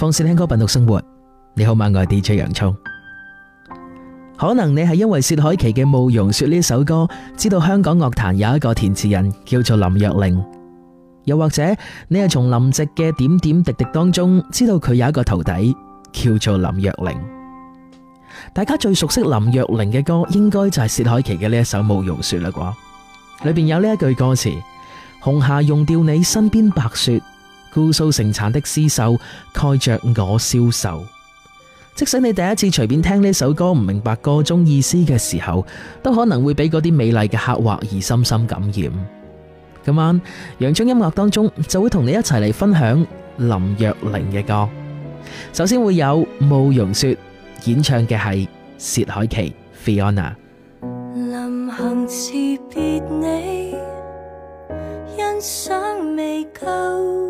放肆聽歌《品讀生活》，你好，我係 DJ 洋蔥。可能你係因為薛凱琪嘅《慕容雪》呢首歌，知道香港樂壇有一個填詞人叫做林若寧。又或者你係從林夕嘅《點點滴滴》當中知道佢有一個徒弟叫做林若寧。大家最熟悉林若寧嘅歌，應該就係薛凱琪嘅呢一首《慕容雪》啦啩。裏邊有呢一句歌詞：紅霞用掉你身邊白雪。姑蘇成殘的詩繡，蓋着我消瘦。即使你第一次隨便聽呢首歌唔明白歌中意思嘅時候，都可能會俾嗰啲美麗嘅刻畫而深深感染。今晚楊昌音樂當中就會同你一齊嚟分享林若寧嘅歌。首先會有《慕容雪》演唱嘅係薛凱琪、Fiona。臨行辭別你，欣賞未夠。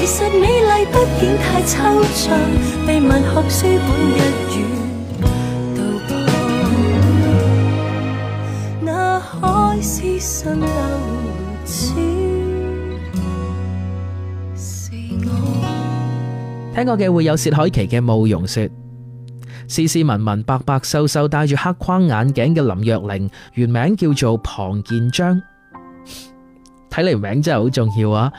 其實美麗畢竟太抽象，被文學書本一語道破。那海市蜃樓，只是我。聽過嘅會有薛凱琪嘅《慕容雪》，斯斯文文、白白瘦瘦、戴住黑框眼鏡嘅林若寧，原名叫做龐建章。睇 嚟名真係好重要啊！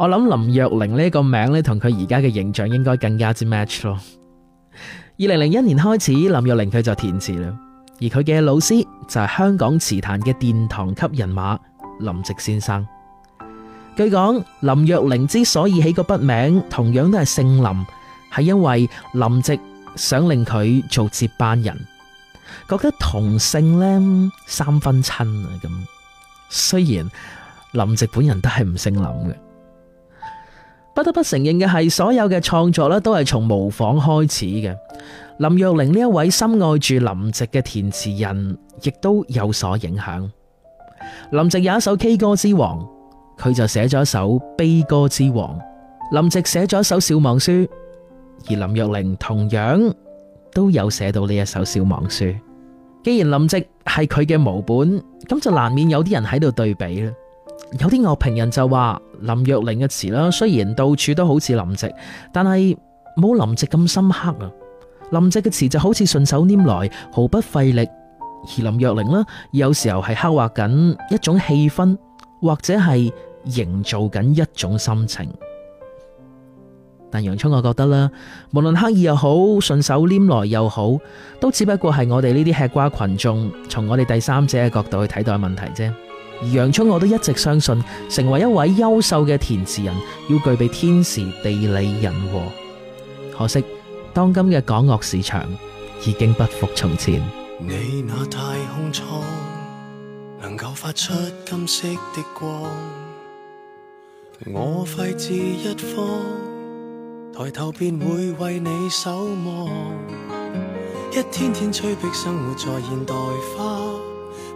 我諗林若寧呢個名咧，同佢而家嘅形象應該更加之 match 咯。二零零一年開始，林若寧佢就填詞啦，而佢嘅老師就係香港詞壇嘅殿堂級人馬林夕先生。據講，林若寧之所以起個筆名同樣都係姓林，係因為林夕想令佢做接班人，覺得同姓咧三分親啊咁。雖然林夕本人都係唔姓林嘅。不得不承認嘅係，所有嘅創作咧都係從模仿開始嘅。林若寧呢一位深愛住林夕嘅填詞人，亦都有所影響。林夕有一首 K 歌之王，佢就寫咗一首悲歌之王。林夕寫咗一首笑忘書，而林若寧同樣都有寫到呢一首笑忘書。既然林夕係佢嘅模本，咁就難免有啲人喺度對比啦。有啲樂評人就話林若寧嘅詞啦，雖然到處都好似林夕，但係冇林夕咁深刻啊。林夕嘅詞就好似順手拈來，毫不費力，而林若寧呢，有時候係刻畫緊一種氣氛，或者係營造緊一種心情。但楊春我覺得啦，無論刻意又好，順手拈來又好，都只不過係我哋呢啲吃瓜群眾從我哋第三者嘅角度去睇待問題啫。而洋蔥我都一直相信，成為一位優秀嘅填詞人，要具備天時地利人和，可惜當今嘅港樂市場已經不復從前。你那太空艙能夠發出金色的光，我費至一方抬頭便會為你守望，一天天催迫生活在現代化，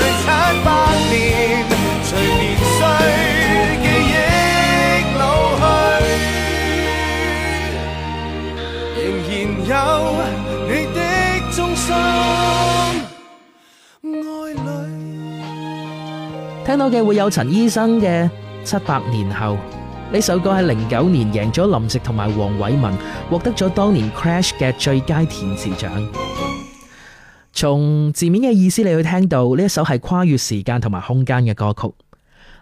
七百年隨年歲，記憶老去，仍然有你的忠心愛侶。聽到嘅會有陳醫生嘅七百年後，呢首歌喺零九年贏咗林夕同埋黃偉文，獲得咗當年 crash 嘅最佳填詞獎。從字面嘅意思，你去聽到呢一首係跨越時間同埋空間嘅歌曲。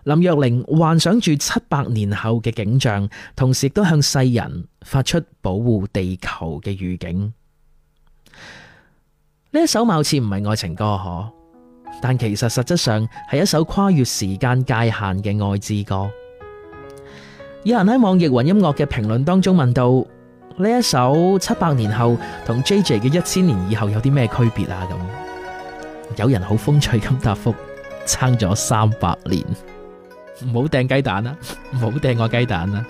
林若寧幻想住七百年後嘅景象，同時亦都向世人發出保護地球嘅預警。呢一首貌似唔係愛情歌，但其實實質上係一首跨越時間界限嘅愛之歌。有人喺網易雲音樂嘅評論當中問到：呢一首七百年後同 JJ 嘅一千年以後有啲咩區別啊？咁有人好風趣咁答覆，差咗三百年。唔好掟雞蛋啦，唔好掟我雞蛋啦。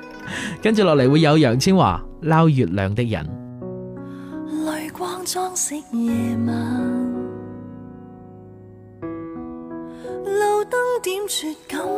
跟住落嚟會有楊千嬅撈月亮的人，淚光裝飾夜晚，路燈點綴感。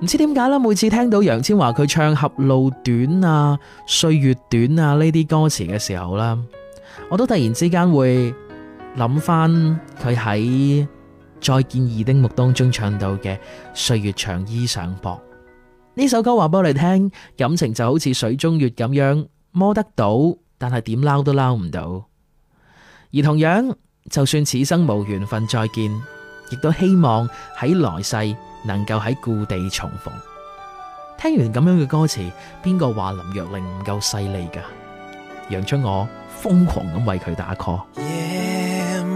唔知點解啦，每次聽到楊千嬅佢唱《合路短》啊，《歲月短啊》啊呢啲歌詞嘅時候啦，我都突然之間會。諗翻佢喺《再見二丁目》當中唱到嘅《歲月長衣上薄》，呢首歌話俾我哋聽，感情就好似水中月咁樣摸得到，但係點撈都撈唔到。而同樣，就算此生無緣分再見，亦都希望喺來世能夠喺故地重逢。聽完咁樣嘅歌詞，邊個話林若寧唔夠犀利㗎？讓出我瘋狂咁為佢打 call。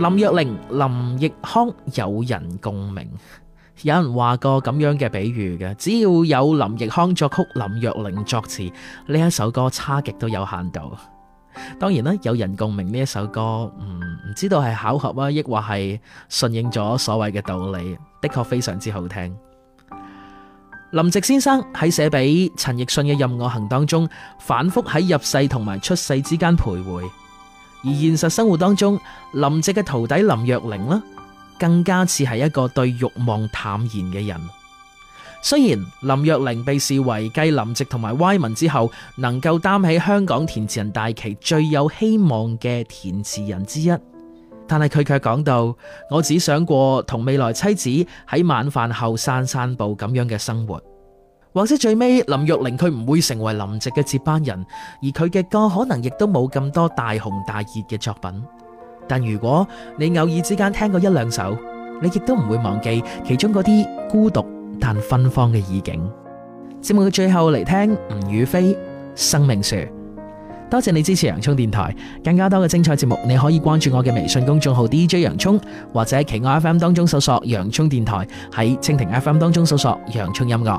林若寧、林奕匡有人共鳴， 有人話過咁樣嘅比喻嘅，只要有林奕匡作曲、林若寧作詞呢一首歌差極都有限度。當然啦，有人共鳴呢一首歌，唔、嗯、唔知道係巧合啊，抑或係順應咗所謂嘅道理，的確非常之好聽。林夕先生喺寫俾陳奕迅嘅《任我行》當中，反覆喺入世同埋出世之間徘徊。而現實生活當中，林夕嘅徒弟林若寧呢，更加似係一個對欲望淡然嘅人。雖然林若寧被視為繼林夕同埋歪文之後能夠擔起香港填詞人大旗最有希望嘅填詞人之一，但係佢卻講到：我只想過同未來妻子喺晚飯後散散步咁樣嘅生活。或者最尾，林若寧佢唔會成為林夕嘅接班人，而佢嘅歌可能亦都冇咁多大紅大熱嘅作品。但如果你偶爾之間聽過一兩首，你亦都唔會忘記其中嗰啲孤獨但芬芳嘅意境。節目嘅最後嚟聽吳雨霏《生命樹》，多謝你支持。洋蔥電台更加多嘅精彩節目，你可以關注我嘅微信公眾號 D J 洋蔥，或者喺其他 F M 當中搜索洋蔥電台，喺蜻蜓 F M 當中搜索洋蔥音樂。